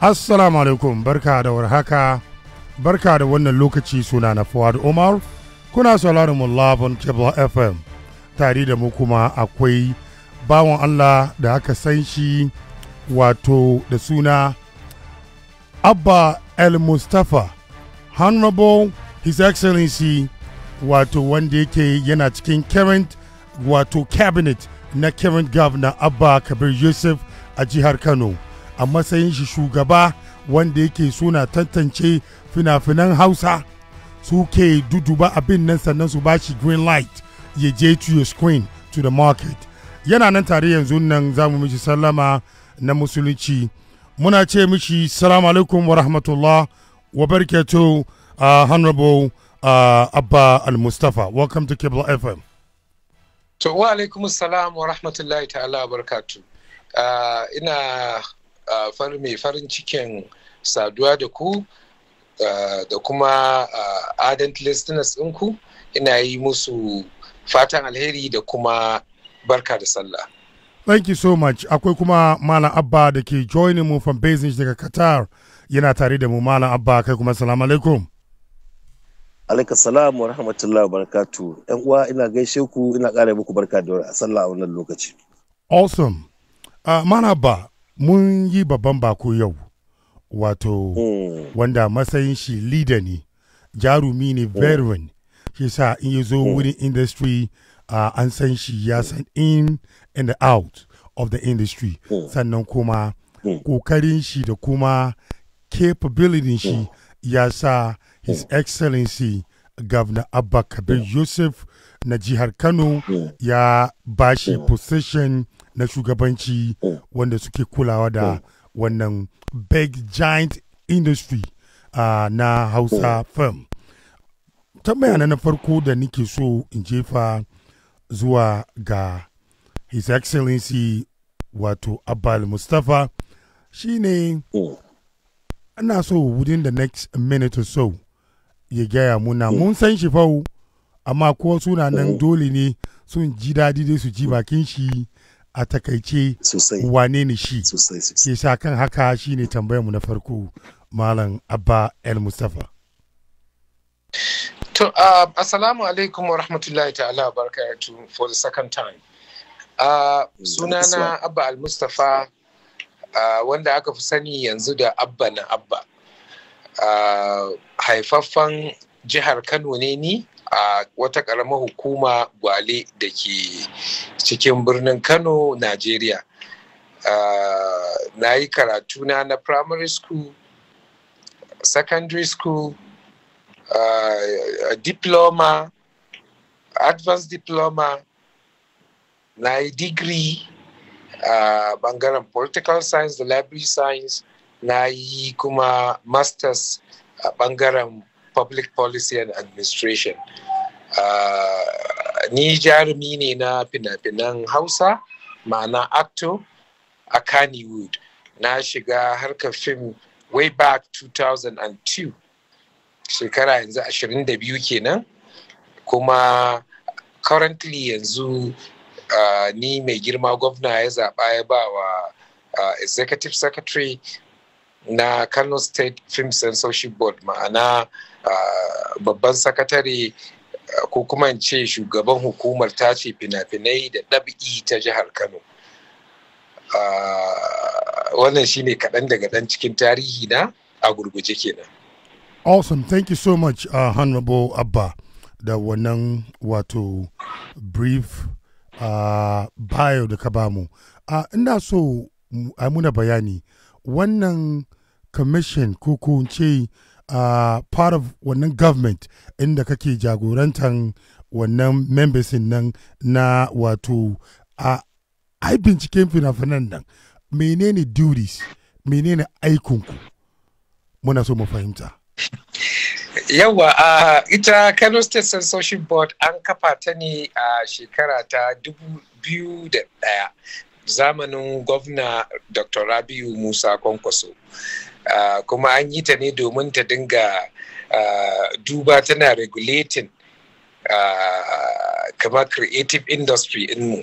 Assalamu alaikum barka da warhaka barka da wannan lokaci suna na Fuad Umar kuna sauraron mu Lavon Cable FM tare da mu kuma akwai bawan Allah da aka san shi wato da suna Abba El Mustafa Honorable His Excellency wato wanda yake yana cikin current wato cabinet na current governor Abba Kabir Yusuf a jihar Kano. a matsayin shi shugaba wanda yake suna tantance fina-finan hausa su ke duduba abin nan sannan su bashi green light ya je to your screen to the market yana nan tare yanzu nan za mu mishi sallama na musulunci muna ce mishi salamu alaikum wa rahmatullah wa barkato uh, honorable uh, abba al-mustafa welcome to cable fm to wa alaikum salam wa rahmatullahi ta'ala wa barakatu uh, ina Uh, mai farin cikin saduwa da ku uh, da kuma uh, ardent listeners ɗinku ina yi musu fatan alheri da kuma barka da sallah. Thank you so much. Akwai kuma Malam Abba da ke joining mu from Beijing daga Qatar yana tare da mu Malam Abba kai kuma salamu alaikum. Alaika salamu wa rahmatullahi wa barakatu. ‘Yan uwa ina gaishe ku ina ƙara muku barka da sallah a wannan lokaci. Awesome. Uh, Malam Abba mun yi babban bako yau wato hmm. wanda matsayin shi leader ne jarumi ne hmm. veteran shi sa in yi zo hmm. wurin industry uh, an san shi ya san in and out of the industry sannan kuma kokarin shi da kuma capability shi ya sa his excellency governor abba kabir yusuf na jihar kano ya bashi position na shugabanci oh. wanda suke kulawa da oh. wannan big giant industry uh, na hausa oh. firm tambaya na farko da nike so in jefa zuwa ga his excellency wato abal mustapha shine ana so within the next minute or so ya gaya muna mun san shi fau amma ko sunanan dole ne sun ji daɗi dai su ji bakin shi a takaice wane ne shi ke sa kan haka shine mu na farko malam abba el mustafa to uh, assalamu alaikum wa rahmatullahi ta'ala barakatu for the second time uh, mm, sunana abba al mustafa uh, wanda aka fi sani yanzu da abba na abba uh, haifaffen jihar kano ne ni a wata ƙaramar hukuma gwale da ke cikin birnin kano najeriya na yi karatuna na primary school secondary school diploma advanced diploma na yi digiri a bangaren political science da library science na yi kuma masters a bangaren public policy and administration ni jarumi ne na fina-finan hausa ma'ana Acto a kannywood na shiga harkar fim way back 2002 shekara yanzu 22 kenan kuma currently yanzu uh, ni mai girma gwamna ya zaɓa ya ba wa uh, executive secretary na kano state film censorship board ma'ana uh, babban sakatare ko kuma ce shugaban hukumar ta ce fina-finai da ɗab'i ta jihar kano wannan shi ne kaɗan daga ɗan cikin tarihi na a gurguje kenan awesome thank you so much uh, honorable abba da wannan wato brief uh, bio da ka bamu uh, ina so a muna bayani wannan commission ko ko ce A part of wannan government inda kake jagorantar wannan membersin nan na wato a ai binciken fina-finan nan menene duties menene aikinku muna so mu fahimta yawa a ita kano state censorship board an kafa ta ne a shekara ta dubu biyu da 2001 zamanin gwamna dr rabiu musa kwankwaso kuma an yi ta ne domin ta dinga duba tana regulating kama creative industry mu.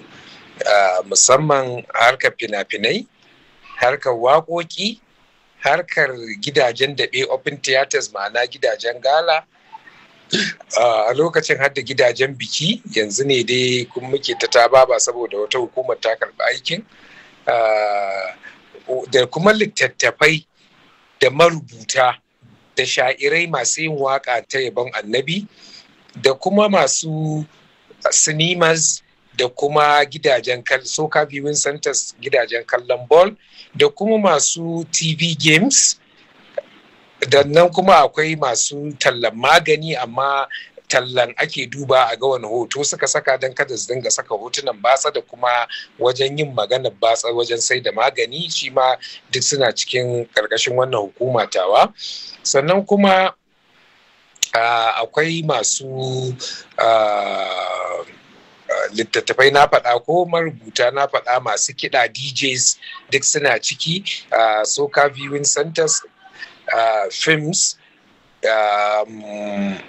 musamman harkar fina-finai harkar waƙoƙi harkar gidajen daɓe open theaters ma'ana gidajen gala a lokacin hadda gidajen biki yanzu ne dai kuma muke ta taba ba saboda wata hukumar ta karɓi aikin da kuma littattafai da marubuta da sha'irai masu yin waka ta yabon annabi da kuma masu cinemas da kuma gidajen soka viewing centers gidajen kallon ball da kuma masu tv games da nan kuma akwai masu tallan magani amma tallan ake duba a ga wani hoto suka saka don kada su dinga saka hotunan batsa da kuma wajen yin magana batsa wajen sai da magani shi ma duk suna cikin ƙarƙashin wannan hukuma tawa sannan kuma akwai masu littattafai na faɗa ko marubuta na faɗa masu kiɗa djs duk suna ciki soka viewing centers films mm,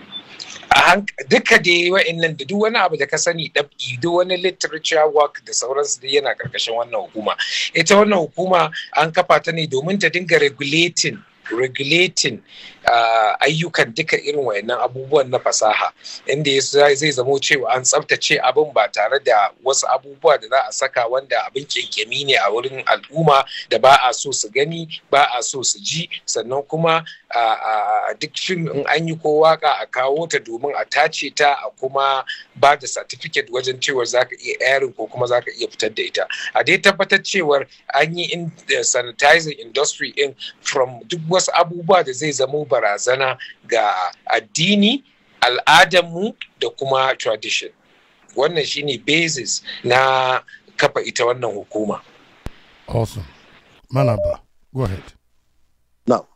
duka wa'in nan da duk wani abu da ka sani ɗab'i duk wani literature work da sauransu da yana ƙarƙashin wannan hukuma ita wannan hukuma an kafa ta ne domin ta dinga regulating regulating ah, ayyukan duka irin wayannan abubuwan na fasaha inda zai zamo cewa an tsabtace abin ba tare da wasu abubuwa da za a saka wanda abin kyankyami ne a wurin al'umma da ba a so su gani ba a so su ji sannan kuma a duk fim in an yi ko waka a kawo ta domin a tace ta a kuma ba da certificate wajen cewar za ka iya yarin ko kuma za ka iya fitar da ita a dai tabbatar cewar an yi in eh, sanitizing industry in from duk wasu abubuwa da zai zama barazana ga addini al'adarmu da kuma tradition wannan shine basis na kafa ita wannan hukuma awesome manaba go ahead now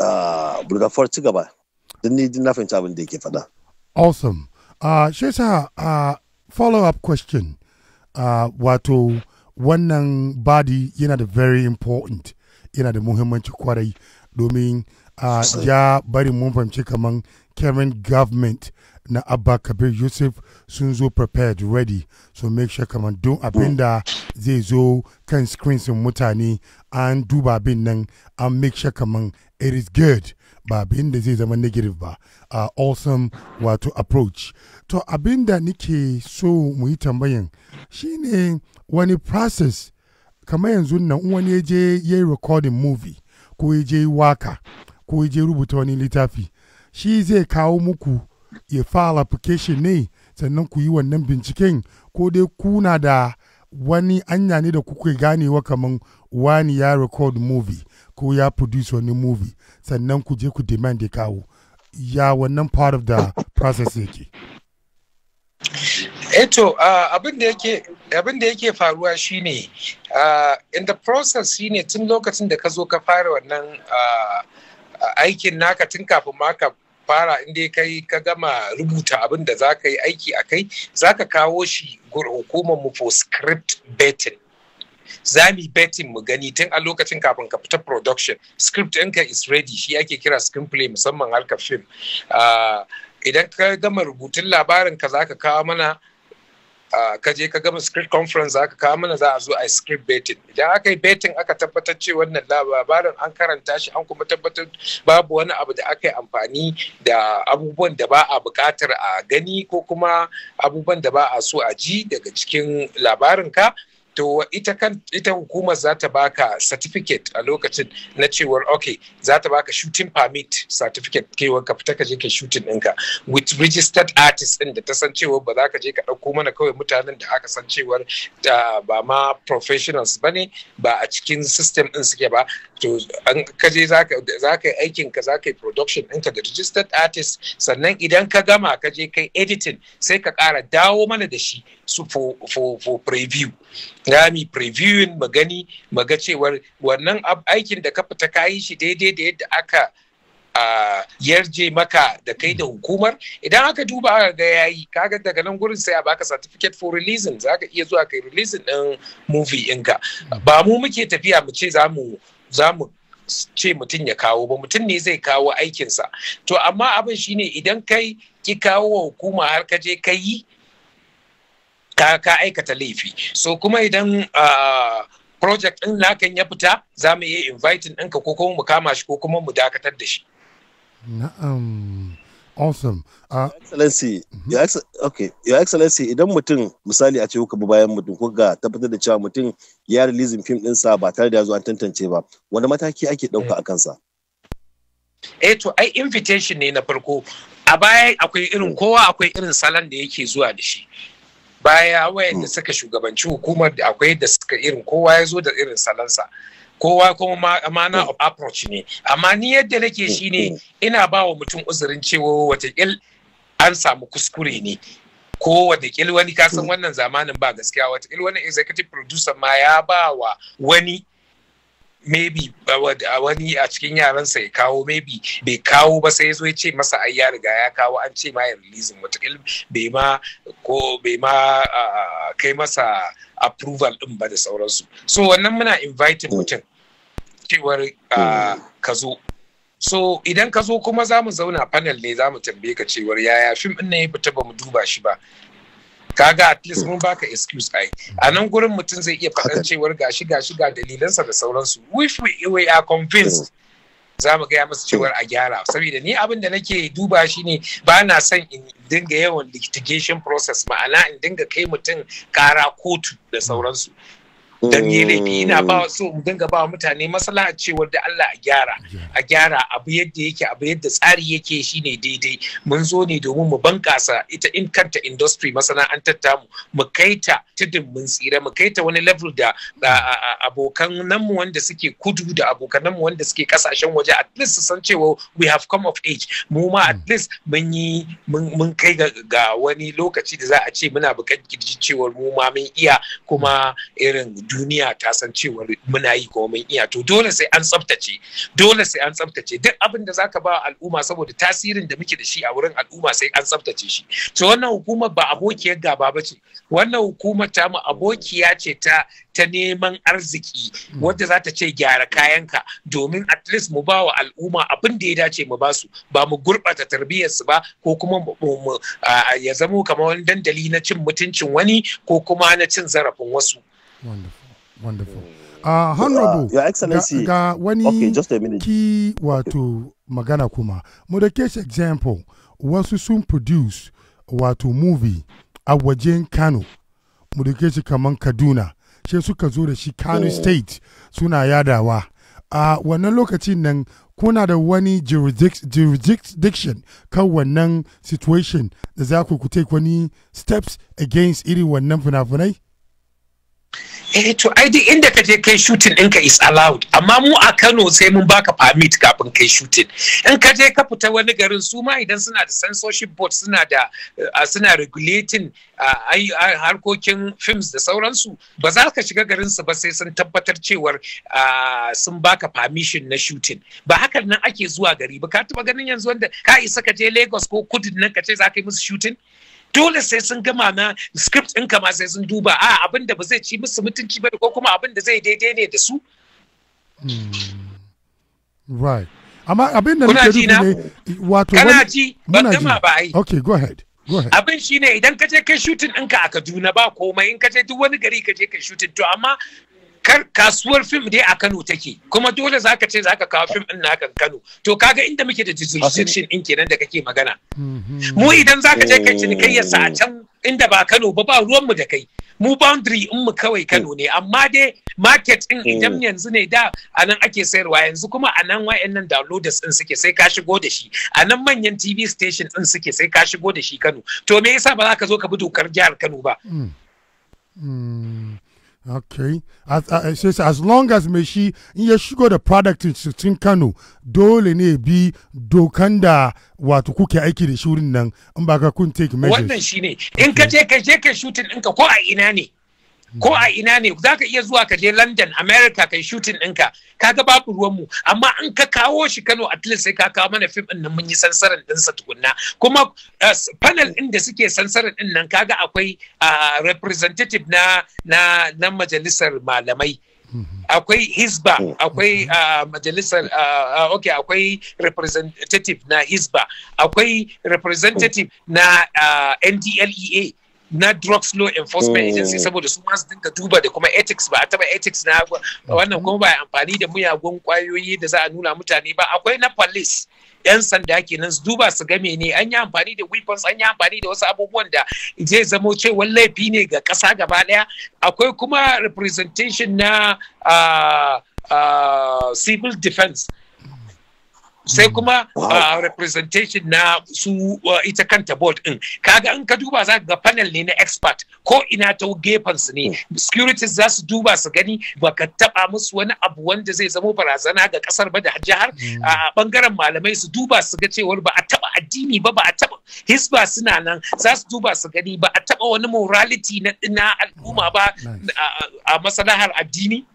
Ah, burgafar ci gaba don ni na fahimci abin da yake faɗa. awesome uh, shi yasa uh, ah, follow up question uh, wato wannan body yana da very important yana da muhimmanci kwarai domin uh, ya bari mun fahimci kaman kevin government na abba kabir yusuf sun zo prepared ready so make sure kamar don abin da zai zo kan screens mutane an duba abin nan an make sure kamar it is good ba abin da zai zama negative ba uh, awesome wato approach to abin da nike so mu yi tambayan shine wani process kamar yanzu nan wani ya je ya yi recording movie ko ya je waka ko ya je rubuta wani littafi shi zai kawo muku ya fara application ne sannan ku yi wannan binciken ko dai kuna da wani anya ne da kuke ganewa kamar wani ya record movie ko ya produce wani movie sannan ku je ku demand ya kawo ya wannan part of the process yake eto eh uh, abin da yake faruwa shine uh, in the process shine tun lokacin da ka zo ka fara wannan uh, aikin naka tun kafin maka fara inda kai ka gama rubuta abin da za ka yi aiki a kai za ka kawo shi hukumar mu for script betting za mu betting mu gani tun a lokacin kafin ka fita production script ɗinka is ready shi ake kira screenplay musamman harkar film ah, idan ka gama rubutun labarin ka za ka kawo mana ka je ka gama script conference aka kawo mana za a zo a script betting idan aka yi betting aka tabbatar ce wannan labarin an karanta shi an kuma tabbatar babu wani abu da aka yi amfani da abubuwan da ba a buƙatar a gani ko kuma abubuwan da ba a so a ji daga cikin labarin ka to ita kan ita hukumar za ta baka certificate a lokacin na cewar ok za ta baka shooting permit certificate kewa ka fita ka je ka shooting ɗinka with registered artist ɗin da ta san cewa ba za ka je ka ɗauko mana kawai mutanen da aka san cewar ba ma professionals ba ne ba a cikin system ɗin suke ba to an ka je za ka yi aikin ka za ka yi production ɗinka da registered artist sannan idan ka gama ka je kai editing sai ka kara dawo mana da shi su for, preview na mi previewing magani maga cewar wannan aikin da ka fita kayi shi daidai da yadda aka yarje maka da kai da hukumar idan aka duba aka ga yayi kaga daga nan gurin sai a baka certificate for releasing za ka iya zuwa kai releasing din movie ka. ba mu muke tafiya mu ce za mu ce mutum ya kawo ba mutum ne zai kawo aikinsa to amma abin shine idan kai ki kawo wa hukuma har ka je ka yi ka ka aikata laifi so kuma idan project ɗin nakan ya fita za mu iya inviting ɗinka ko kuma mu kama shi ko kuma mu dakatar da shi na'am awesome excellency okay your excellency idan mutum misali a ce kuka bi bayan mutum ko ga tabbatar da cewa mutum ya release film ɗinsa ba tare da ya zo an tantance ba wani mataki ake ɗauka a kansa eh to ai invitation ne na farko a baya akwai irin kowa akwai irin salon da yake zuwa da shi baya wayanda hmm. suka shugabanci hukumar da akwai da suka irin kowa ya zo da irin salansa kowa kuma mana of hmm. approach ne amma ni yadda nake hmm. shine ina ba wa mutum uzurin cewa watakil an samu kuskure ne ko watakil wani kasan wannan zamanin ba gaskiya watakil wani executive producer ma ya ba wa wani maybe a wani a cikin yaran sa ya kawo maybe bai kawo ba sai zo ya ce masa ai ya riga ya kawo an ce ma ya releasing wataƙil bai ma ko bai ma kai masa approval din ba da sauransu so wannan muna inviting mm. mutum cewar mm. ka zo so idan ka zo kuma za mu zauna panel ne za mu tambaye ka cewar yaya fim ɗin ne ya fita ba mu duba shi ba kaga at least hmm. mun baka excuse ai a nan gurin mutum zai iya faɗan cewar ga gashi ga dalilansa da sauransu if we, we are convinced hmm. za mu gaya musu cewar a gyara saboda ni abin da nake duba shi ne ba na son in dinga yawan litigation process ma'ana in dinga kai mutum kara kotu da sauransu dan yi laifi ina ba mm. so mu dinga ba mutane maslaha cewar da Allah a gyara a gyara abu yadda yake abu yadda tsari yake shine daidai mun zo ne domin mu bankasa ita in kanta industry masana'antar tamu mu kaita tudun mun tsira mu kaita wani level da abokan nan mu wanda suke kudu da abokan nan mu wanda suke kasashen waje at least san cewa we have come of age mu ma at mm. least mun yi mun kai ga wani lokaci da za a ce muna buƙatar kirji cewar mu ma mun iya kuma irin duniya ta san cewar muna yi ko mun iya to dole sai an tsaftace dole sai an tsaftace duk abin da zaka ba al'umma saboda tasirin da muke da shi a wurin al'umma sai an tsaftace shi to wannan hukuma ba abokiyar gaba ba ce wannan hukuma ta mu abokiya ce ta ta neman arziki hmm. wadda za ta ce gyara kayanka domin at least mu ba wa al'umma abin da ya dace mu basu. ba mu gurɓata tarbiyyarsu ba ko kuma ya zamo kamar wani dandali na cin mutuncin wani ko kuma na cin zarafin wasu. Wonderful. wonderful mm. uh, honorable uh, ga, wani okay, ki wato magana kuma mu da case example wasu sun produce wato movie a wajen kano mu da case kaman kaduna she suka zo da shi kano mm. state suna yadawa a uh, wannan lokacin nan kuna da wani jurisdiction kan wannan situation da za ku take wani steps against irin wannan finafinai. eh to ai duk inda ka je kai shooting ɗinka is allowed amma mu a Kano sai mun baka permit kafin kai shooting in ka je ka fita wani garin su ma idan suna da censorship board suna da eh, suna regulating harkokin films da sauransu ba za ka shiga garin su ba sai sun tabbatar cewar sun baka permission na shooting ba hakan nan ake zuwa gari ba ka taba ganin yanzu wanda ka isa ka je Lagos ko kudu nan ka ce za ka yi musu shooting dole sai sun gama na script ɗinka ma sai sun duba a abin da ba zai ci musu mutunci ba ko kuma abin da zai daidai ne da su hmm. right amma abin da nake nufi ne wato kana ji ban gama ba ai okay go ahead abin shine idan ka je kai shooting ɗinka a Kaduna ba komai in ka je duk wani gari ka je kai shooting to amma kasuwar fim dai a Kano take kuma dole za ka ce za ka kawo fim ɗin naka Kano to kaga inda muke da jurisdiction din kenan da kake magana mu idan za ka je kai cinikayyarsa a can inda ba Kano ba ba ruwan mu da kai mu boundary in mu kawai Kano ne amma dai market ɗin hmm. idan yanzu ne da anan ake sayarwa yanzu kuma anan wayannan downloaders in suke sai ka shigo da shi a manyan TV station din suke sai ka shigo da shi Kano to me yasa ba za ka zo ka bi dokar jihar Kano ba hmm. Hmm. Okay, as, uh, it says, as long as mai shi in ya shigo da product cikin Kano dole ne bi dokan da wato kuke aiki da shi wurin nan in ba ka kun take measures. Wannan shi ne, in ka je ka je ka shooting ɗinka ko a ina ne. ko a ina ne za ka iya zuwa ka je london america kai shooting ɗinka ga babu ruwanmu amma an ka kawo shi kano at least sai ka kawo mana fim ɗin nan mun yi sansarin ɗinsa tukunna kuma eh, panel ɗin da suke sansarin ɗin nan kaga akwai representative na na na majalisar malamai akwai hisba oh. akwai majalisar ok akwai representative na hisba akwai representative na ndlea na drugs law enforcement oh. agency saboda su ma su dinga duba da kuma ethics ba a taba ethics na ah. wannan kuma ba amfani da muyagun kwayoyi da za a nuna mutane ba akwai na police yan sanda kenan su duba su game ne an yi amfani da weapons an yi amfani da wasu abubuwan da zai zamo cewa laifi ne ga ƙasa gaba ɗaya akwai kuma representation na ah, ah, civil defense sai hmm. kuma uh, representation na su ita kanta board din kaga in ka duba za ga panel ne na expert ko ina ta gefen su ne securities za su duba su gani baka taba musu wani abu wanda zai zamo barazana ga kasar ba da jihar hmm. a ah, bangaren malamai su duba su ga cewar ba a taba addini ba ba a taba hisba suna nan za su duba su gani ba a taba wani morality na al'umma ba a masalahar addini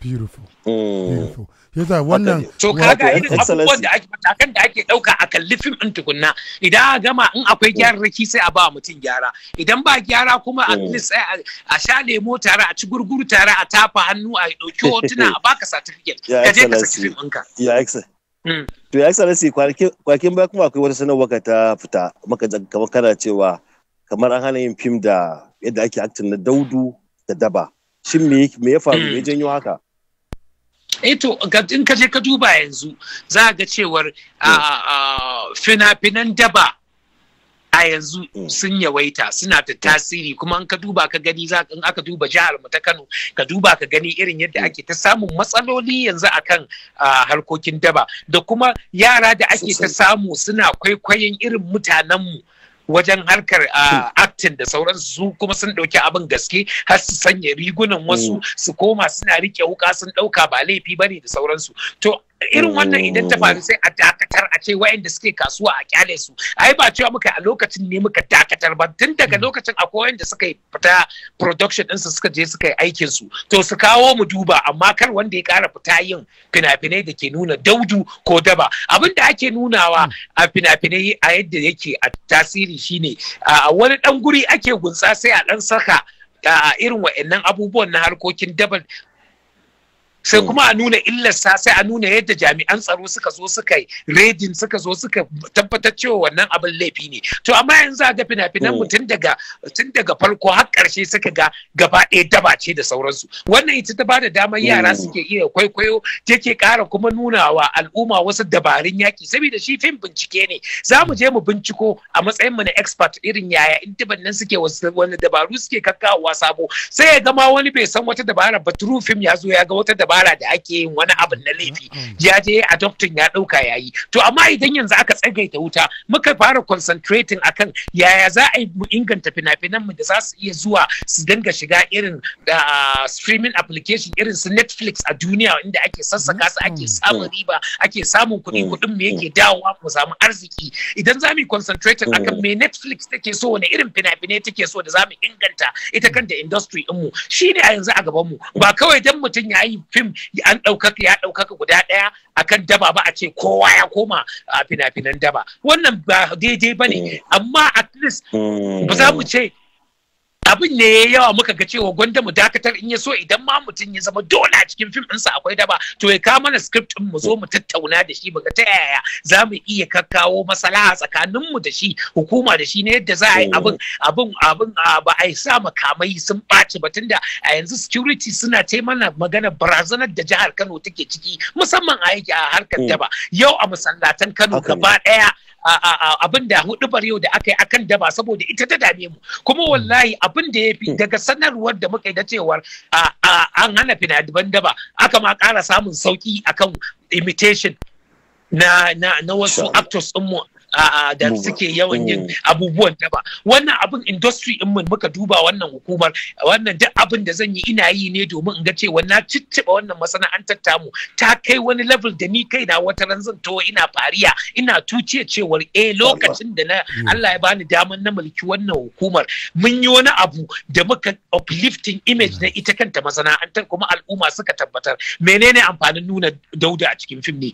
beautiful hmm. beautiful yasa wannan to kaga irin abubuwan da ake matakan da ake dauka a kalli fim din tukunna idan a gama in akwai mm. gyararraki sai a ba mutum gyara idan ba gyara kuma at mm. least a sha lemo tare a ci gurguru tare a tafa hannu a dauki hotuna a baka certificate ka je ka saki fim ɗinka ya excellent mm. to ya excellence kwanakin baya kuma akwai wata sanarwa ka ta fita maka kamar kana cewa kamar an hana yin fim da yadda ake acting na daudu da daba shin me ya faru me janyo haka eto eh to in ka je ka duba yanzu za a ga cewar fina-finan daba a yanzu sun yawaita suna da tasiri kuma in ka duba ka gani za in aka duba jihar mu ta Kano ka duba ka gani irin yadda ake ta samun matsaloli yanzu akan harkokin daba da kuma yara da ake ta samu suna kwaikwayon irin mutanen mu wajen harkar ah, hmm. acting da sauransu su kuma sun ɗauki abin gaske har su sanya rigunan wasu hmm. su koma suna rike wuka sun ɗauka ba laifi bane da sauransu to irin wannan idan ta faru sai a dakatar a ce wayanda suke kasuwa a kyale su ai ba cewa muka a lokacin ne muka dakatar ba tun daga lokacin akwai wayanda suka fita production su suka je suka yi aikin su to su kawo mu duba amma kar wanda ya kara fita yin finafinai da ke nuna daudu ko daba abin da ake nunawa hmm. a finafinai a yadda yake a tasiri shine a wani dan guri ake gunsa sai a ɗan saka irin wa'annan abubuwan na harkokin daban sai hmm. kuma a nuna illarsa sai a nuna yadda jami'an tsaro suka zo suka yi redin suka zo suka tabbatar cewa wannan abin laifi ne to amma yanzu a ga fina-finan mu hmm. tun daga tun daga farko har karshe suka ga gaba ɗaya daba ce da sauransu wannan ita ta bada damar yara hmm. suke iya kwaikwayo take ƙara kuma nuna wa al'umma wasu dabarun yaki saboda shi fim bincike ne za mu je mu binciko a matsayin mu na expert irin yaya in nan suke wani dabaru suke kakkawa sabo sai ya gama wani bai san wata dabara ba true film ya zo ya ga wata dabara dabara da ake yin wani abu na laifi ya je adoptin ya ɗauka yayi to amma idan yanzu aka tsagaita wuta muka fara concentrating akan yaya za a yi mu inganta fina mu da za su iya zuwa su dinga shiga irin ah, streaming application irin su Netflix a duniya inda ake sassaka su ake samun riba ake samun kuɗi kuɗin mu yake dawowa mu samu arziki idan za mu yi concentrating akan me Netflix take so wani irin fina-finai take so da za mu inganta ita kanta industry ɗinmu shi ne a yanzu a gaban mu ba kawai dan mutum ya yi fim an ɗaukaka ya ɗaukaka guda ɗaya a kan daba ba a ce kowa ya koma a fina-finan daba wannan ba daidai ba ne mm. amma at least mm. ba za mu ce abin ne ya yawa muka ga cewa gwanda mu dakatar in ya so idan ma mutum ya zama dole a cikin fim ɗinsa akwai daba to ya kawo mana script ɗin mu zo mu tattauna da shi muga ta yaya za mu iya kakkawo masalaha tsakanin mu da shi hukuma da shi ne yadda za a yi oh. abin abin abin ba a sa makamai sun ɓaci ba tunda a yanzu security suna ta mana magana barazanar da jihar Kano take ciki musamman a harkar oh. daba yau a masallatan Kano gaba ɗaya abin da bar yau da aka yi akan daba saboda ita ta dame mu kuma hmm. wallahi abin da ya fi hmm. daga sanarwar da muka yi da cewar an hana fina-diban daba aka ma ƙara samun sauki akan imitation na wasu actors din a'a da suke yawan yin mm. abubuwan da ba wannan abin industry in mun muka duba wannan hukumar wannan duk abin da zan yi ina yi ne domin in ga cewa na cicciba wannan masana'antar mu ta kai wani level da ni kai na wata ran zan towa ina fariya ina tuciya cewar eh lokacin da na mm. Allah ya bani damar na mulki wannan hukumar mun yi wani abu da muka uplifting image na mm. ita kanta masana'antar kuma al'umma suka tabbatar menene amfanin nuna dauda a cikin fim ne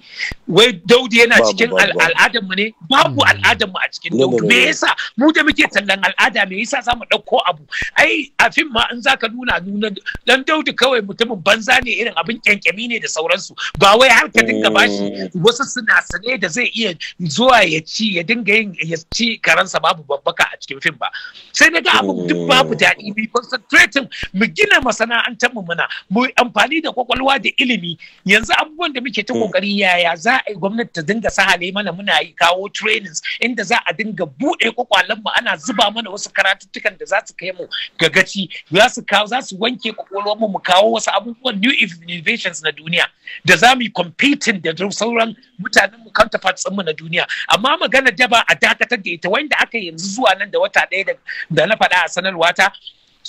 wai dauda yana cikin al'adar mu ne babu babu al'adar mu a cikin doki me yasa mu da muke tallan al'ada me yasa zamu ɗauko abu ai a fim ma in zaka nuna nuna dan daudu kawai mutumin banza ne irin abin kyankyami ne da sauransu ba wai har ka dinga bashi mm. wasu suna sane da zai iya zuwa ya ci ya dinga yin ya ci karansa babu babbaka a cikin fim ba sai na ga abu duk babu mm. daɗi bi concentrating mu gina masana'antar mu muna mu amfani da kwakwalwa da ilimi yanzu abubuwan da muke ta kokari mm. yaya za a yi gwamnati ta dinga sahale mana muna yi kawo trade trainings inda za a dinga buɗe kwakwalen mu ana zuba mana wasu karatuttukan da za su kai mu gagaci za su kawo za su wanke kwakwalwar mu mu kawo wasu abubuwan new innovations na duniya da za mu yi competing da sauran mutanen mu counterparts mu na duniya amma magana da ba a dakatar da ita wanda aka yanzu zuwa nan da wata ɗaya da na faɗa a sanarwa ta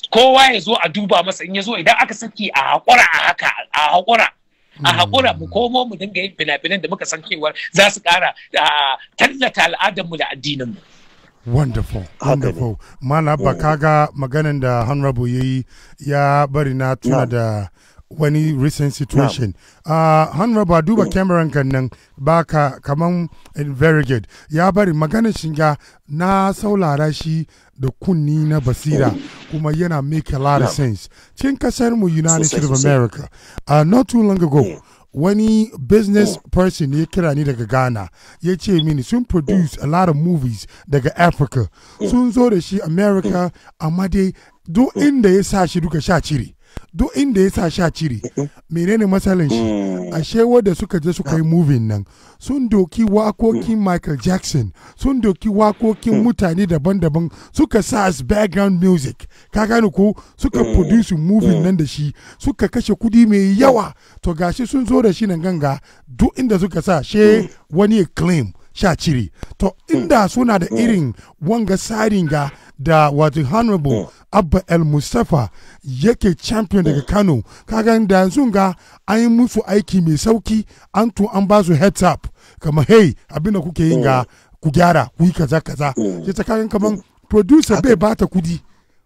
kowa ya zo a duba masa in ya zo idan aka saki a haƙura a haka a haƙura a haƙura mu komo mu dinga yin fina-finan da muka san cewa za su ƙara tallata al'adarmu da addininmu. wonderful wonderful mana ba oh. ka ga maganin da honorable ya yi ya bari na tuna da wani recent situation uh, honorable duba mm. cameron kan nan ba ka kaman very good ya bari maganin shiga na saulara shi da kunni na basira oh. kuma yana make a lot of sense cikin kasar mu united states of america uh, not too long ago wani business oh. person ya kira ni daga ghana ya ce mini sun produce oh. a lot of movies daga africa sun zo da shi america amma dai duk inda ya sa shi duka sha cire duk inda ya sa sha cire menene matsalin shi mm. a shewa da suka je suka yi ah. movin nan sun doki wakokin mm. michael jackson sun doki wakokin mm. mutane daban-daban suka sa as background music ka gane ko suka produce movin nan da shi suka kashe kudi mai yawa to gashi sun zo da shi nan ganga duk inda suka sa she wani claim sha cire to mm. inda suna da mm. irin wanga saringa da wato honorable mm. abba el mustapha yake champion daga kano kaga da yanzu ga an yi musu aiki mai sauki an to an ba su heads up kamar hey abinda kuke yin ga ku gyara ku yi kaza kaza ya ta kaga kaman producer bai bata kudi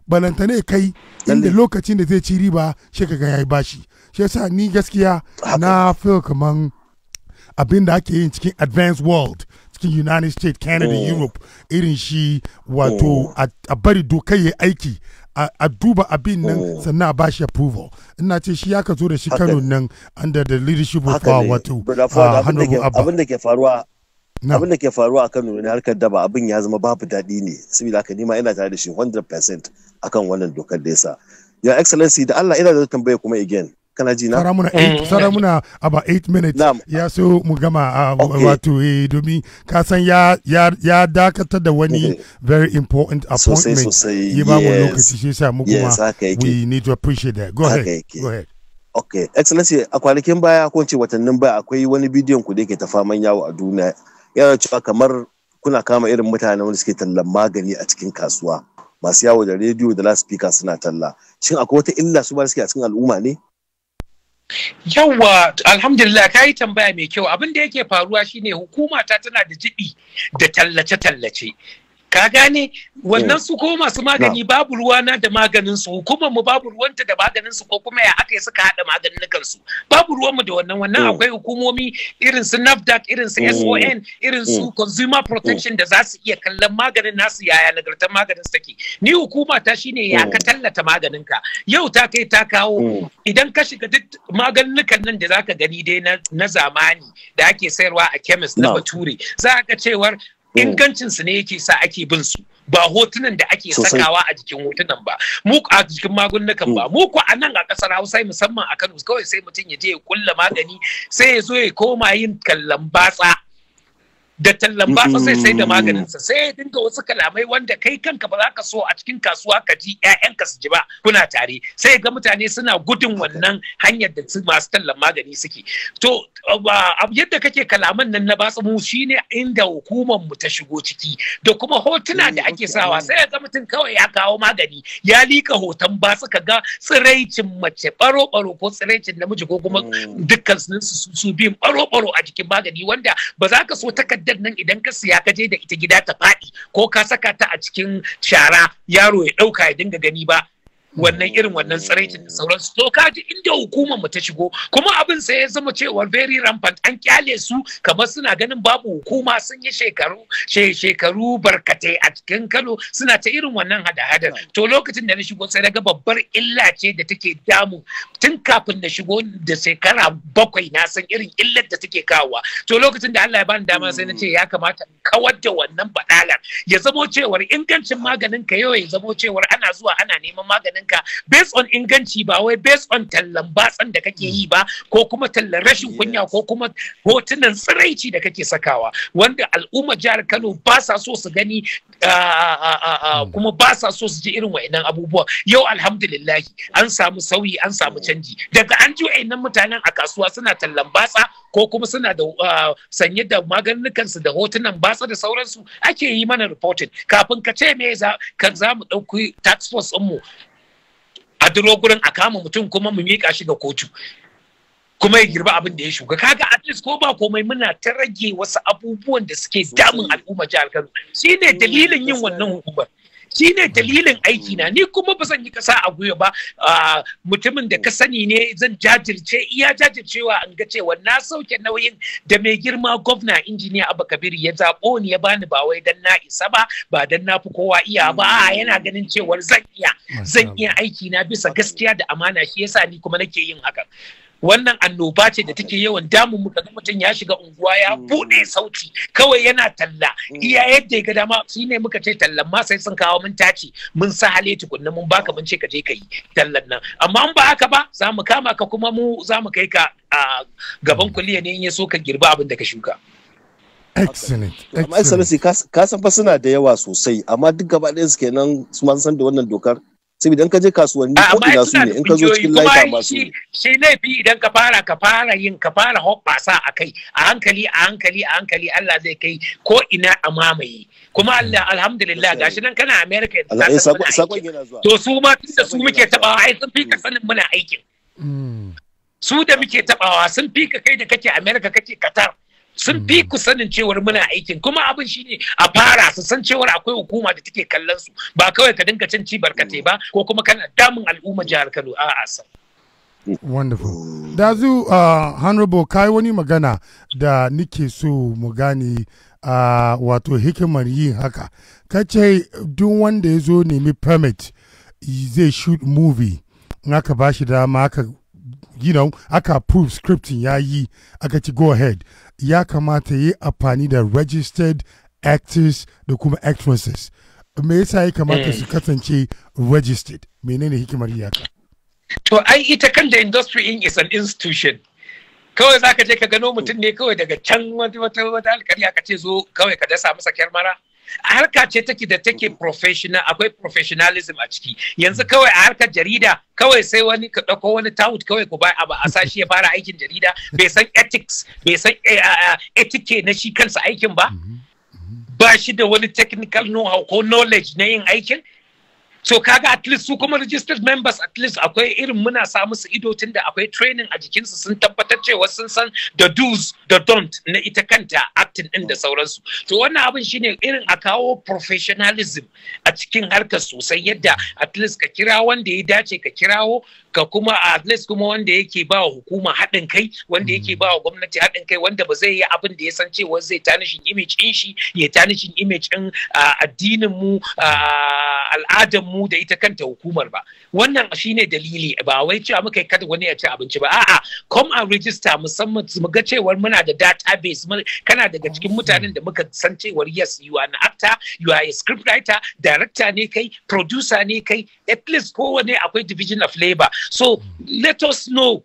balantane kai inda lokacin da zai ciri ba shekaga ya yi bashi shi yasa ni gaskiya na feel kaman abin da ake yin cikin advanced world Boston United States Canada oh. Europe irin shi wato oh. a bari dokar ya aiki a duba abin nan mm. sannan a ba shi approval ina ce shi ya ka zo da shi Kano nan under the leadership of our wato uh, abin da ke faruwa abin da ke faruwa a Kano ne harkar daba abin ya zama babu daɗi ne saboda haka nima ina tare da shi 100% akan wannan dokar da ya sa your excellency da Allah ina da tambaya kuma again kana ji na sara muna mm. about eight minutes ya so mu gama uh, wato eh domin ka san ya ya dakatar da wani mm-hmm. very important appointment yi ba mu lokaci shi sa mu kuma we need to appreciate that go ahead go ahead okay excellency a kwanakin baya ko ce watannin baya akwai wani bidiyon ku da yake ta faman yawo a duniya yana cewa kamar kuna kama irin mutane wanda suke tallan magani a cikin kasuwa masu yawo da rediyo da laspika suna talla shin akwai wata illa su ba suke a cikin al'umma ne Yawwa, alhamdulillah ka yi tambaya mai kyau abin da yake faruwa shine hukuma ta tana da jibi da tallace-tallace. ka gane wannan su ko masu magani babu ruwana da maganin su hukumar mu babu ruwanta da maganin su ko kuma ya aka yi suka hada maganin su babu ruwanmu da wannan wannan mm. akwai hukumomi irin su NAFDAC irin su mm. SON irin su mm. Consumer Protection da za su iya kallon maganin nasu yaya nagartar maganin take ni hukuma ta shine ya ka tallata maganin ka yau ta kai ta kawo idan ka shiga duk maganin nan da zaka gani dai na zamani da ake sayarwa a chemist na bature za ka cewar Hmm. ingancinsu ne yake sa ake bin su ba hotunan da ake sakawa a jikin hotunan ba mu a jikin magungunan ba hmm. mu ko a nan a kasar Hausa musamman a Kano kawai sai mutum ya je ya kulla magani sai ya zo ya koma yin kallon batsa da tallan ba sa sai sai da mm-hmm. maganinsa sai ya dinga wasu kalamai wanda kai kanka ba za ka so a cikin kasuwa ka ji ƴaƴanka su ji ba kuna tare sai ga mutane suna gudun wannan hanyar da masu tallan magani suke to yadda kake kalaman nan na mu shine inda hukumar mu ta shigo ciki da kuma hotuna da ake mm, sawa sai ga mutum kawai ya kawo magani ya lika hoton ba su ka ga tsiraicin mace baro baro ko tsiraicin namiji ko kuma mm. dukkan su su biyun baro baro a jikin magani wanda ba za ka so ta takardar nan idan ka siya ka je da ita gida ta faɗi ko ka saka ta a cikin shara yaro ya ɗauka ya dinga gani ba wannan irin wannan tsaraicin da sauransu to kaji inda hukumar mu ta shigo kuma abin sai ya zama cewa very rampant an kyale su kamar suna ganin babu hukuma sun yi shekaru shekaru barkatai a cikin Kano suna ta irin wannan hada-hadar to lokacin da na shigo sai daga babbar illa ce da take damu tun kafin na shigo da shekara bakwai na san irin illar da take kawowa to lokacin da Allah ya bani dama sai na ce ya kamata kawar da wannan badalar ya zamo cewar ingancin maganin ka yau ya zamo cewar ana zuwa ana neman maganin ka based on inganci ba wai based on tallan batsan da kake yi ba ko kuma tallan rashin kunya ko kuma hotunan tsiraici da kake sakawa wanda al'umma jihar Kano ba sa so su gani hmm. kuma ba sa so su ji irin wa'annan abubuwa yau alhamdulillahi an samu sauyi an samu hmm. canji daga an ji wa'annan mutanen a kasuwa suna tallan batsa ko kuma suna da sanye da su da hotunan batsa da sauransu ake yi mana reporting kafin ka ce me za mu ɗauki tax force mu a duro gurin a kama mutum kuma mu miƙa shi ga kotu kuma ya girba abin da ya shuka kaga at least ko ba komai muna ta rage wasu abubuwan da suke damun al'umma jihar Kano shine dalilin yin wannan hukumar shi ne dalilin aiki na ni kuma ba zan yi kasa a gwiwa ba mutumin da ka sani ne zan jajirce iya jajircewa an ga cewa na sauke nauyin da mai girma gwamna injiniya abu kabiru ya zaɓo ni ya bani ba wai dan na isa ba ba dan na fi kowa iya ba a yana ganin cewar zan iya zan iya aiki na bisa gaskiya da amana shi yasa ni kuma nake yin hakan wannan annoba ce da take yawan damun mu kaga mutum ya shiga unguwa ya mm. bude sauti kawai yana talla mm. iya yadda ga dama ne muka ce tallan ma sai sun kawo mun tace mun sa hale tukunna mun baka mun ce ka je kai tallan nan amma in ba haka ba za mu kama ka kuma mu za mu kai ka a gaban kuliya ne in ya so ka girba abin da ka shuka excellent amma excellency ka san fa suna da yawa sosai amma duk gaba ɗayan su kenan su ma san da wannan dokar saboda in ka je kasuwanni ko ina su ne in ka zo cikin laifa ba su shi laifi idan ka fara ka fara yin ka fara hoɓɓasa a kai a hankali a hankali a hankali Allah zai kai ko ina a mamaye kuma hmm. Allah alhamdulillah gashi nan kana America yanzu ka eh, san muna aikin to su ma tunda su muke tabawa ai sun fi ka hmm. sanin muna aikin hmm. su da muke tabawa sun fi ka kai da kake America kake Qatar sun fi ku sanin cewar muna aikin kuma abin shi ne a fara su san cewar akwai hukuma da take kallon su ba kawai ka dinga cin ci barkatai ba ko kuma kana damun al'umma jihar Kano a'a san wonderful da zu uh, honorable kai wani magana da nike so mu gane uh, wato hikimar yin haka kace duk wanda ya zo nemi permit zai shoot movie in aka ba shi dama aka you know aka approve scripting ya yi aka ci go ahead ya kamata yi amfani da registered actors da kuma actresses me yasa ya kamata eh. su kasance registered menene hikimar iyaka to ai ita kan da industry in is an institution kawai zaka je ka gano mutum ne kawai daga can wata wata ka ce zo kawai ka dasa masa mara harka ce take da take professional akwai professionalism a ciki yanzu kawai a harkar jarida kawai sai wani ka ɗauko wani tawut kawai ku bai abu a sashi ya fara aikin jarida bai san ethics bai san eh, eh, eh, etike na shi kansa aikin ba mm-hmm. Mm-hmm. ba shi da wani technical know-how ko knowledge na yin aikin so kaga at least su kuma registered members at least akwai irin muna sa musu ido tun da akwai training a jikinsu sun tabbatar cewa sun san the do's the don't na ita kanta acting din da sauransu to wannan abin shine irin a kawo professionalism a cikin harkar sosai yadda at least ka kira wanda ya dace ka kirawo ka kuma at least kuma wanda yake ba hukuma haɗin kai wanda yake ba wa gwamnati haɗin kai wanda ba zai yi abin da ya san cewa zai tanishin image ɗin shi ya tanishin image ɗin ah, addinin mu ah, al'adar mu mu da ita kanta hukumar ba wannan shine dalili ba wai cewa muka yi kada wani ya ci abinci ba a'a come and register musamman mu ga cewar muna da database kana daga cikin mutanen da muka san cewar yes you are an actor you are a script writer director ne kai producer ne kai at least kowane akwai division of labor so let us know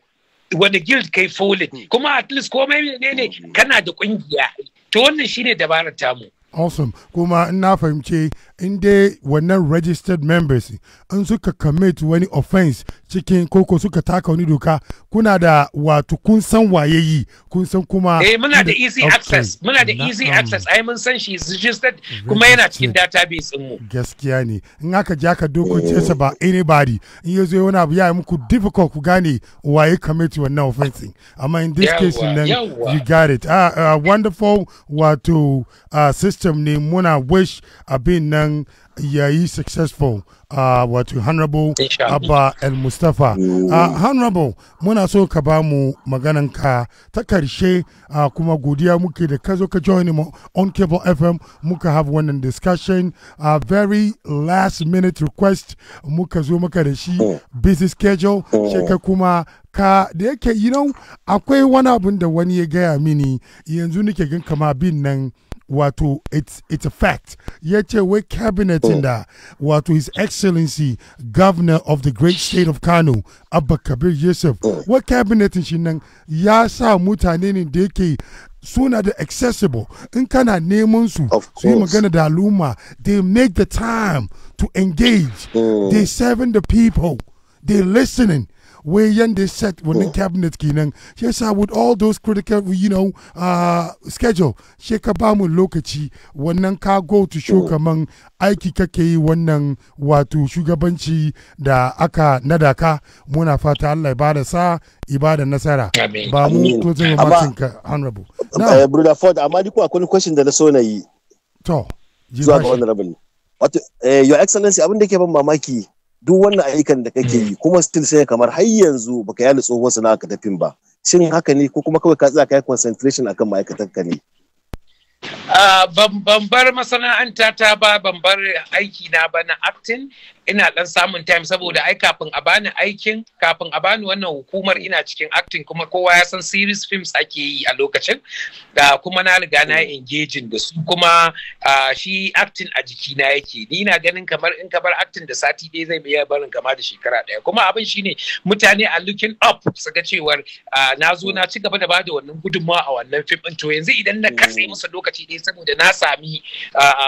wani guild kai folin kuma at least komai ne ne kana da kungiya to wannan shine dabarar tamu awesome kuma na fahimce in dai wannan registered members in suka commit wani offense cikin koko suka taka wani doka kuna da wato kun san waye yi kun san kuma eh muna da easy okay. access muna da easy access ai mun san shi registered kuma yana cikin database din mu gaskiya ne in aka ji aka dokoce sa ba oh. anybody in yazo yana abu ya muku difficult ku gane waye commit wannan offense amma in this case nan you got it a uh, ah, wonderful wato ah, system ne muna wish abin nan fatan yayi successful uh, wato honorable abba el mustapha uh, mm. honorable muna so ka ba mu magananka ta karshe uh, kuma godiya muke da ka ka join mu on cable fm muka have wannan discussion uh, very last minute request muka zo maka da shi mm. busy schedule mm. sheka kuma ka da yake you know akwai wani abin da wani ya gaya mini yanzu nake gan kama bin nan wato it's, a fact ya ce wai cabinetin oh. da wato his excellency governor of the great state of kano abba kabir yusuf oh. wai cabinet shi nan ya sa mutane ne da yake suna da accessible in kana neman su su yi magana da al'umma they make the time to engage oh. they serving the people they listening yan yanda set wannan oh. cabinet kenan shi yasa with all those critical you know uh, schedule she ka ba mu lokaci wannan ka go to oh. show kaman aiki kake yi wannan wato shugabanci da aka nadaka muna fata Allah ya bada sa ibada nasara ba mu closing remarks ka honorable na eh, brother Ford amma duk akwai question da na so na yi to zuwa ga honorable wato eh, your excellency abin da ke ban mamaki duk wannan ayyukan da kake hmm. yi kuma still sai kamar har yanzu baka yana tsohon sana'a ka tafin ba shin haka ne ko kuma kawai ka tsaya kai concentration akan ma'aikatan ka ne ah, ban bar masana'anta ta ba ban bar aiki na ba na acting ina dan samun time saboda ai kafin a bani aikin kafin a bani wannan hukumar ina cikin acting kuma kowa ya san series films ake yi a lokacin da kuma na riga na mm. engaging da su kuma shi acting a jiki na yake ni na ganin kamar in ka bar acting da sati ɗaya zai biya barin kama da shekara daya kuma abin shine mutane a looking up su ga cewar na zo na ci gaba da bada wannan gudunmawa a wannan fim ɗin to yanzu idan na katse mm. musu lokaci ɗaya saboda na sami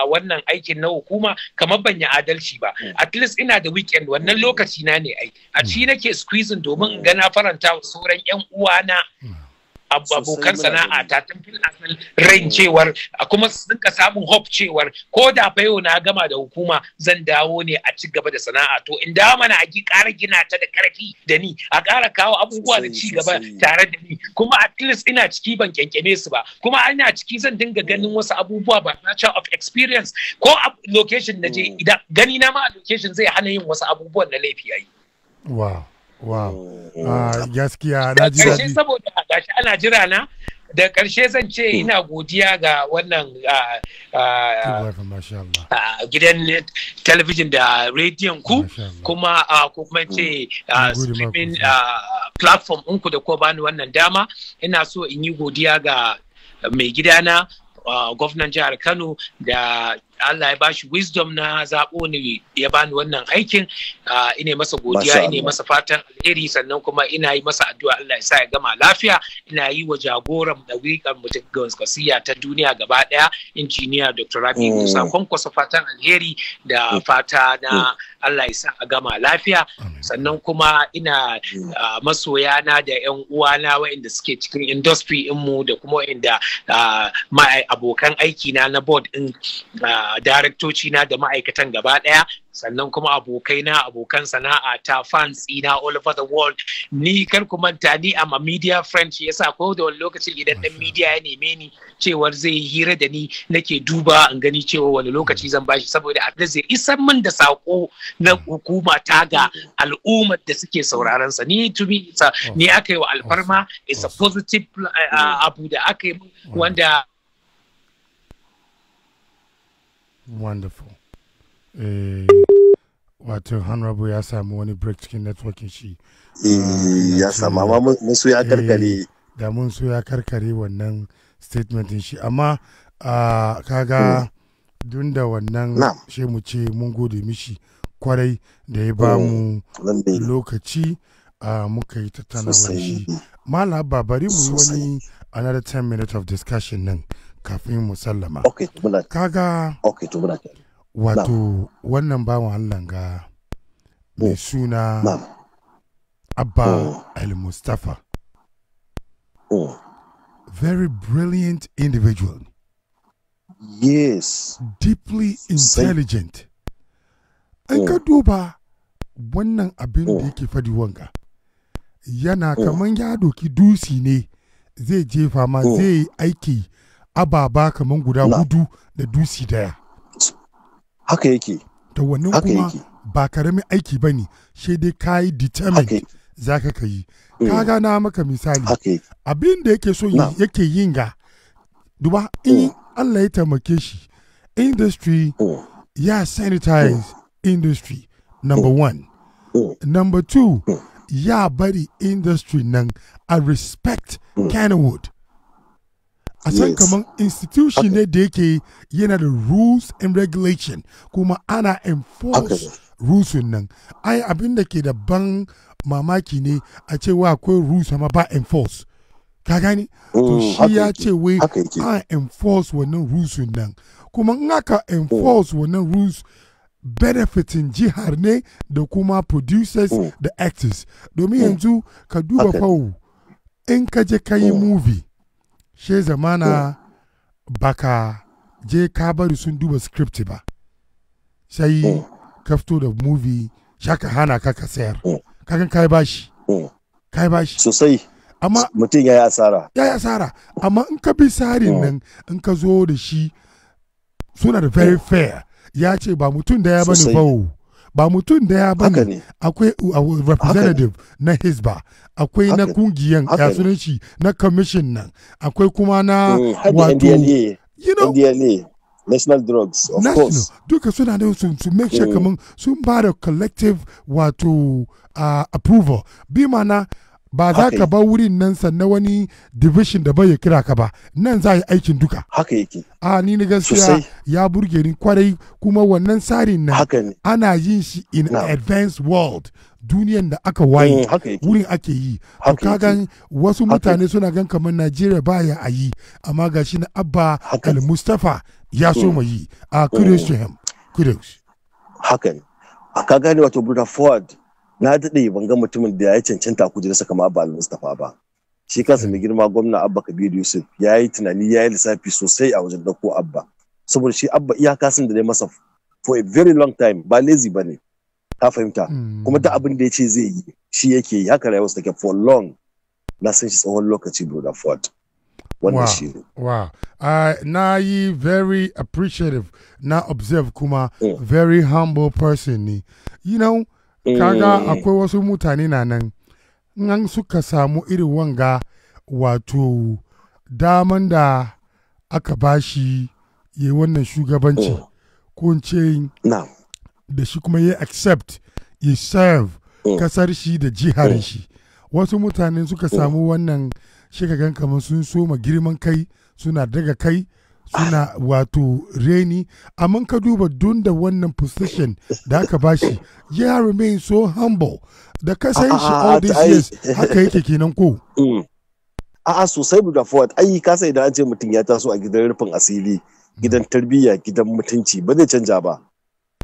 wannan aikin na hukuma kamar ban yi adalci ba mm. at least ina da weekend wannan lokaci na ne ai a ci nake squeezing domin in ga na faranta wa sauran yan uwa na. Hmm. abokan sana'a ta tun asal rain cewar kuma sun dinka samun hope cewar ko da yau na gama da hukuma zan dawo ne a ci gaba da sana'a to in dawo mana a ƙara gina ta da karfi da ni a ƙara kawo abubuwa da ci gaba tare da ni kuma at least ina ciki ban kyankyame su ba kuma ina ciki zan dinga ganin wasu abubuwa ba nature of experience ko location na je mm. idan gani na ma a location zai hana yin wasu abubuwan na laifi yayi wow wow ah, gaskiya saboda gashi ana jira na da karshe zan ce hmm. ina godiya ga wannan ah, ah, gidan television da rediyon ku kuma ko kuma ce hmm. streaming platform ku da ko bani wannan dama ina so in yi godiya ga mai gidana gwamnan jihar kano da Allah ya bashi wisdom na zaɓo ne ya bani wannan aikin ina masa godiya ina masa fatan alheri sannan kuma ina yi masa addu'a Allah ya sa ya gama lafiya ina yi wa jagoran dawiƙar mutukasiya ta duniya gaba ɗaya injiniya Dr. Rabi mm. Musa kwankwasa fatan alheri da mm. fata na mm. Allah ya sa a gama lafiya sannan kuma ina masoya na da 'yan uwana waɗanda suke cikin industry mu da kuma waɗanda abokan aiki na na board ɗin daraktoci na da ma'aikatan gaba ɗaya sannan kuma abokai na abokan sana'a ta fans ina all over the world ni kar ku manta ni am a media friend Ya yasa ko da wani lokacin idan dan media ya neme ni cewar zai hira da ni nake duba an gani cewa wani lokaci zan bashi saboda a da zai isar min da sako na mm. hukuma ta ga al'ummar da suke sauraron sa ni to me oh. ni aka wa alfarma oh. is a positive mm. abu da akai yi mm. wanda wonderful eh wato honorable ya sami wani break cikin networking shi eh, ya samu amma mun su eh, karkare da mun karkare wannan statement din shi amma kaga hmm. Dunda da wannan shemuce mun gode mishi kwarai da ya ba mu hmm, lokaci muka yi tattaunawar shi mala babari mu yi wani another ten minutes of discussion nan kafin mu sallama ga kaga wato wannan bawan Allah ga mai oh. suna abba al-mustafa oh. oh. very brilliant individual yes deeply intelligent an ka duba wannan abin da yake fadi wanga yana kamar ya doki dusi ne zai jefa ma zai aiki ababa kamar guda hudu da dusi daya haka yake da wannan kuma ba karamin aiki ba ne shi dai ka yi determined za ka ka yi mm. ka gana maka misali abin da yake so yake yin ga duba in mm. allah ya taimake shi industry mm. ya sanitize industry number one number two ya bari industry nan a respect kenwood a san kamar institution ne da yake yana da rules and regulation kuma ana enforce rules nan ai abin da ke da ban mamaki ne a cewa akwai rules amma ba enforce ka gani to mm, shi ya ce wai an enforce wannan rules nan kuma in aka enforce mm. wannan rules benefitin jihar ne da kuma producers mm. da actors domin yanzu ka duba fawo in ka je ka yi movie she zamana oh. baka je ka bari sun duba script ba sai oh. ka fito da movie shaka hana ka ka sayar oh. kakan kai bashi kai bashi sosai amma mutum ya yi asara ya yi asara amma in ka bi tsarin nan in ka zo da shi suna da very fair ya ce ba mutum da ya bani bawo ba mutum daya ba ne akwai uh, uh, representative na hisba akwai na kungiyan ya na commission nan akwai kuma na mm, wato NDLA. national drugs of national. course duka suna da su to make sure mm. kaman sun ba da collective wato uh, approval bi mana ba za ka bar wurin nan sannan wani division da bai ya kira ka ba nan za yi aikin duka haka yake a ni na gaskiya ya burge ni kwarai kuma wannan tsarin na ana yin shi in no. advanced world duniyan da aka waye mm, wurin ake yi to kagan wasu mutane suna gan kamar Najeriya baya a yi amma gashi na Abba Al Mustafa ya so mm. mu yi a kudos mm. to him kudos haka ne a ka gane wato Brother Ford na daɗe ban ga mutumin da ya yi cancanta kama ba Abba Mustapha ba. Shi kansa mai girma gwamna Abba Kabiru Yusuf ya yi tunani ya yi lissafi sosai a wajen ɗauko Abba. Saboda shi Abba iyaka sun da ne masa for a very long time ba lazy ba ne. Ka fahimta. Hmm. Kuma duk abin da ya ce zai yi shi yake yi haka rayuwarsa take for long. Na san shi tsawon lokaci da Ford. Wannan shi ne. Wow. Uh, ah, na yi very appreciative na observe kuma hmm. very humble person ne. You know, kaga eh. akwai wasu mutane na nan nan suka samu irin wanga wato daman da aka bashi ya yi wannan shugabanci mm. ko ce da shi kuma ya accept ya serve mm. kasar shi da jihar mm. shi wasu mutane suka samu wannan shi ka kamar sun soma girman kai suna daga kai suna wato reni amma ka duba dun da wannan position da aka bashi ya remain so humble da ka san shi all these years haka yake kenan ko mm. a'a sosai da forward ai ka sai idan an ce mutum ya taso a gidan rufin asiri gidan tarbiyya gidan mutunci ba zai canja ba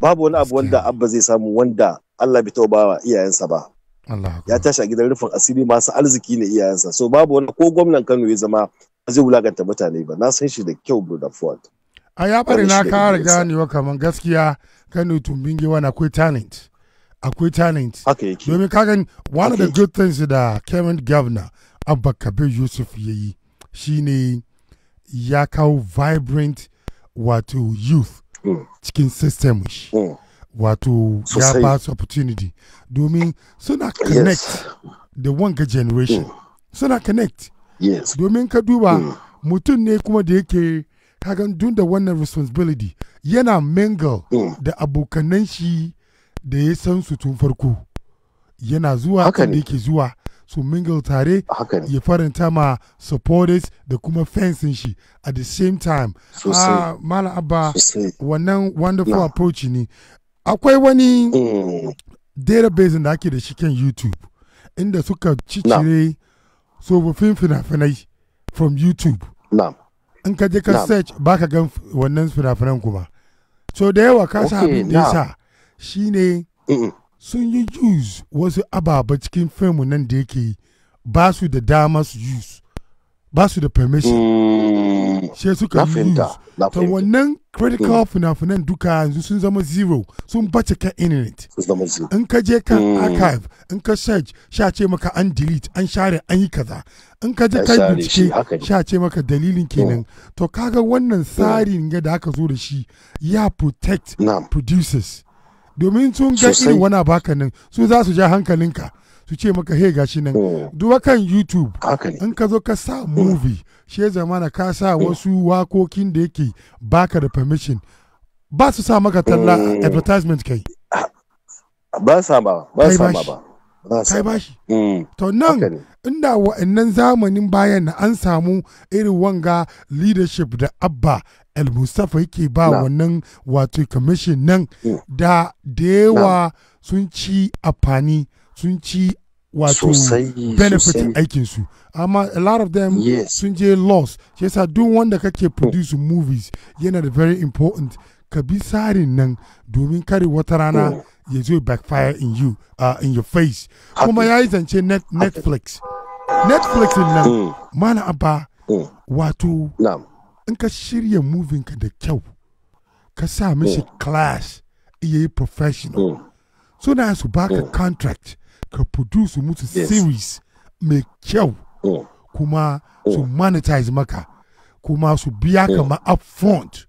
babu wani abu wanda abba zai samu wanda Allah bai tauba wa iyayensa ba ya tashi a gidan rufin asiri masu arziki ne iyayensa so babu wani ko gwamnan Kano ya zama zai wulaganta mutane ba na san shi da kyau brother ford a ya bari na kara ganewa kaman gaskiya kanu tumbinge wani akwai talent akwai talent okay, k'a domin kagan one of the good things da Kevin Governor Abba Kabir Yusuf ya yi shine ya kawo vibrant wato youth mm. cikin system shi mm. wato ya ba su opportunity domin suna connect the one generation mm. suna connect yes. domin ka duba mm. mutum ne kuma da yake kagan dun da wannan responsibility yana mingle mm. da abokanan shi da ya san su tun farko yana zuwa da yake zuwa su mingle tare ya faranta ma supporters da kuma fensin shi at the same time so ah, mala abba wannan wonderful approach ne akwai wani mm. database da ake da shi kan youtube inda suka cicire no. tsofaffin finafinai from YouTube. In ka je ka search baka gan wannan fina kuma. So da yawa ka sa abin da yasa shine sun yi use wasu ababa cikin fim nan da yake ba su da dama su use. ba su da permission hmm. she suka lose ta wannan critical hmm. fina duka yanzu sun zama zero sun bace kan internet in ka je kan hmm. archive in ka search sha ce maka an delete an share an yi kaza in ka je kan bincike sha ce maka dalilin kenan to kaga wannan tsarin ga da aka zo da shi ya protect producers domin sun ga irin wani baka nan su za su ja hankalinka su ce maka hey gashi nan oh. duba kan youtube in ka zo ka sa hmm. movie shi zamana ka sa hmm. wasu wakokin da yake baka da permission ba su sa maka talla hmm. advertisement kai ba sa ba ba sa ba kai bashi to nan inda wa'annan zamanin bayan na an samu irin wanga leadership da abba el mustapha yake ba wannan wato commission nan da da yawa sun ci amfani sun ci wato benefit aikinsu amma a lot of them sun je loss shi yasa duk wanda kake produce movies yana da very important ka bi tsarin nan domin kare wata rana ya zo backfire in you uh, in your face kuma ya yi zance net, netflix netflix nan mm. mana abba mm. wato in ka shirya movin ka da kyau ka sa mishi mm. class iya yi professional suna su baka contract ka produce musu series mai kyau mm. kuma mm. su monetize maka kuma su biya mm. kama upfront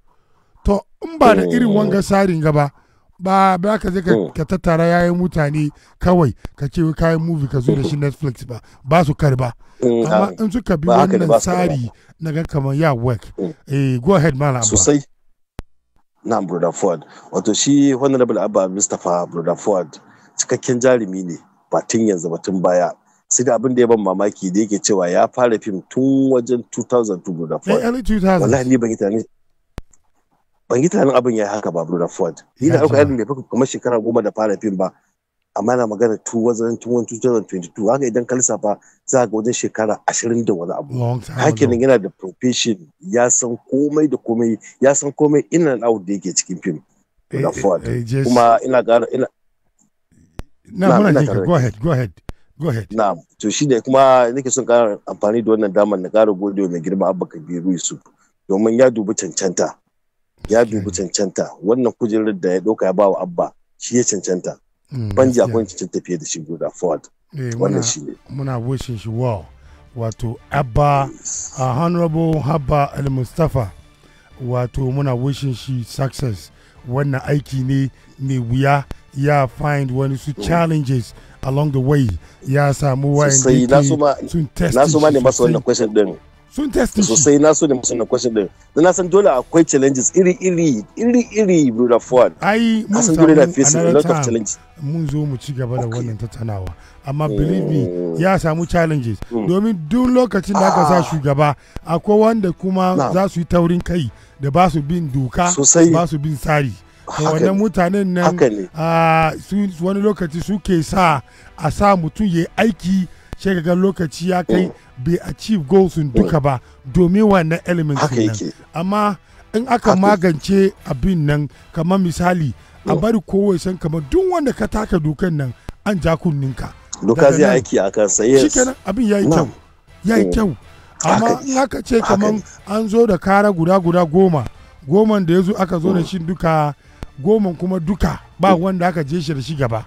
to in ba da irin wanga tsarin gaba ba ba ka je ka tattara yayin mutane kawai ka ce kayan movie ka zo da shi netflix ba ba su karba amma in suka bi wannan tsari na ga kamar ya work eh go ahead malam sosai na brother ford wato shi honorable abba mustapha brother ford cikakken jarumi ne ba tun yanzu ba tun baya sai da abin da ya ban mamaki da yake cewa ya fara fim tun wajen 2002 ford wallahi ni ban yi tunanin ban yi tunanin abin ya haka ba da ford ni da aka yi bai fi kuma shekara goma da fara fim ba amma na magana tu wajen tun wajen 2022 haka idan ka lissafa za ga wajen shekara ashirin da wani abu hakinin yana da profession ya san komai da komai ya san komai in and out da yake cikin fim da eh, eh, ford eh, kuma ina ina na muna jinka go ahead go ahead go ahead na to shine kuma nake son ƙara amfani da wannan damar na ƙara gode mai girma abba kabiru yusuf domin ya dubi cancanta ya dubi cancanta wannan kujerar da ya ɗauka ya bawa abba shi ya cancanta mm, banji akwai cancanta fiye da shi guda forward eh, wannan shi ne muna wishin shi wow wato abba a honorable habba al-mustafa wato muna wishin shi success wannan aiki ne mai wuya ya find wani su mm. challenges along the way ya samu ne da sun test na su ma ne masa wannan question din sun test sosai na su ne masa wannan question din dan na san dole akwai challenges iri iri iri iri Bruno Ford ai mun san dole da face a lot of challenges mun zo mu ci gaba da wannan tattaunawa amma believe me mm. ya samu challenges mm. domin duk lokacin da aka sa ah. shugaba akwai wanda kuma za su yi taurin kai da ba su bin doka ba su bin tsari wannan mutanen nan wani lokaci suke sa a sa mutum ya aiki sai ga lokaci ya kai mm. bai achieve goals duka mm. ba domin wannan elements nan amma in aka magance abin nan kamar misali a mm. bari kowai san kamar duk wanda ka taka dokan nan an ja kunninka doka zai aiki a kansa yes shikenan abin yi kyau yi kyau amma in aka ce kaman an zo da kara guda guda goma goman da ya zo aka zo da mm. shi duka goman kuma duka ba mm. wanda aka je shi da shi gaba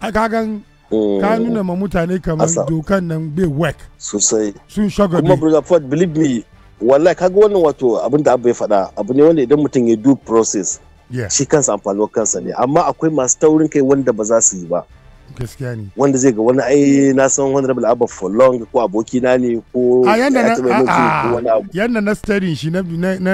aka kagan oh. ka nuna ma mutane kamar dokan nan bai work sosai sun shagabe kuma brother ford believe me wallahi kaga wannan wato abin da abu ya faɗa abu ne wanda idan mutum ya do process shi kansa amfani kansa ne amma akwai masu taurin kai wanda ba za su yi ba gaskiya wanda zai ga wani ai na san honorable abba for long ko abokina ne ko yadda na a na studying shi na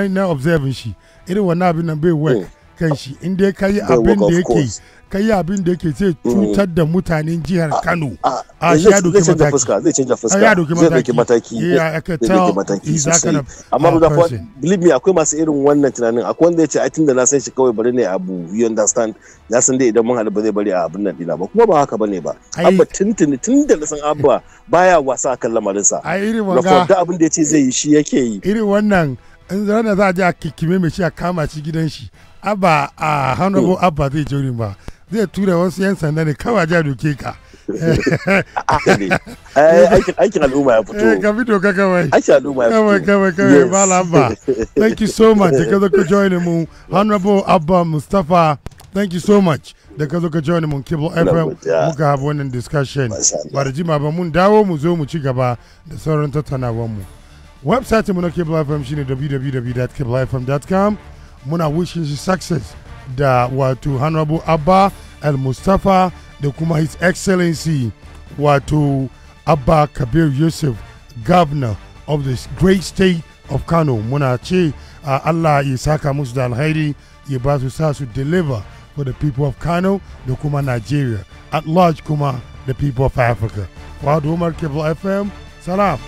na observing shi irin wannan abin nan bai work mm. kan shi in dai kai abin da yake ka yi abin da yake zai mm. cutar da mutanen jihar Kano a ya doki mataki zai canza fuska ya doki mataki ya ka tell sosai amma da kuwa believe me akwai masu irin wannan tunanin akwai wanda ya ce a tunda na san shi kawai bari ne abu you understand na san dai idan mun haɗu ba zai bari a abin nan dina ba kuma ba haka bane ba abba tuntuni tunda na san abba baya wasa kan lamarinsa a irin wanga da abin da ya ce zai yi shi yake yi irin wannan in ranar za a je a kikime mai shi a kama shi gidan shi abba a hannu mm. abba zai jori ba zai tura wasu 'yan sanda ne kawai ja doke ka eh, aikin al'umma ya fito eh, ka fito ka kawai aikin al'umma ya fito kawai kawai kawai malam ba thank you so much da ka zo ka join mu honorable abba mustapha thank you so much da ka zo ka join mu cable fm muka haɓa wannan discussion ba da jima ba mun dawo mu zo mu ci gaba da sauran tattaunawar mu website mu na cable fm shine www.cablefm.com muna wishing you success da wato honorable abba al-mustapha da kuma his excellency wato abba kabir yusuf governor of the great state of kano muna ce allah ya saka musu da alhairi ya ba su sa su deliver for the people of kano da kuma nigeria at large kuma the people of africa wadda umar fm salam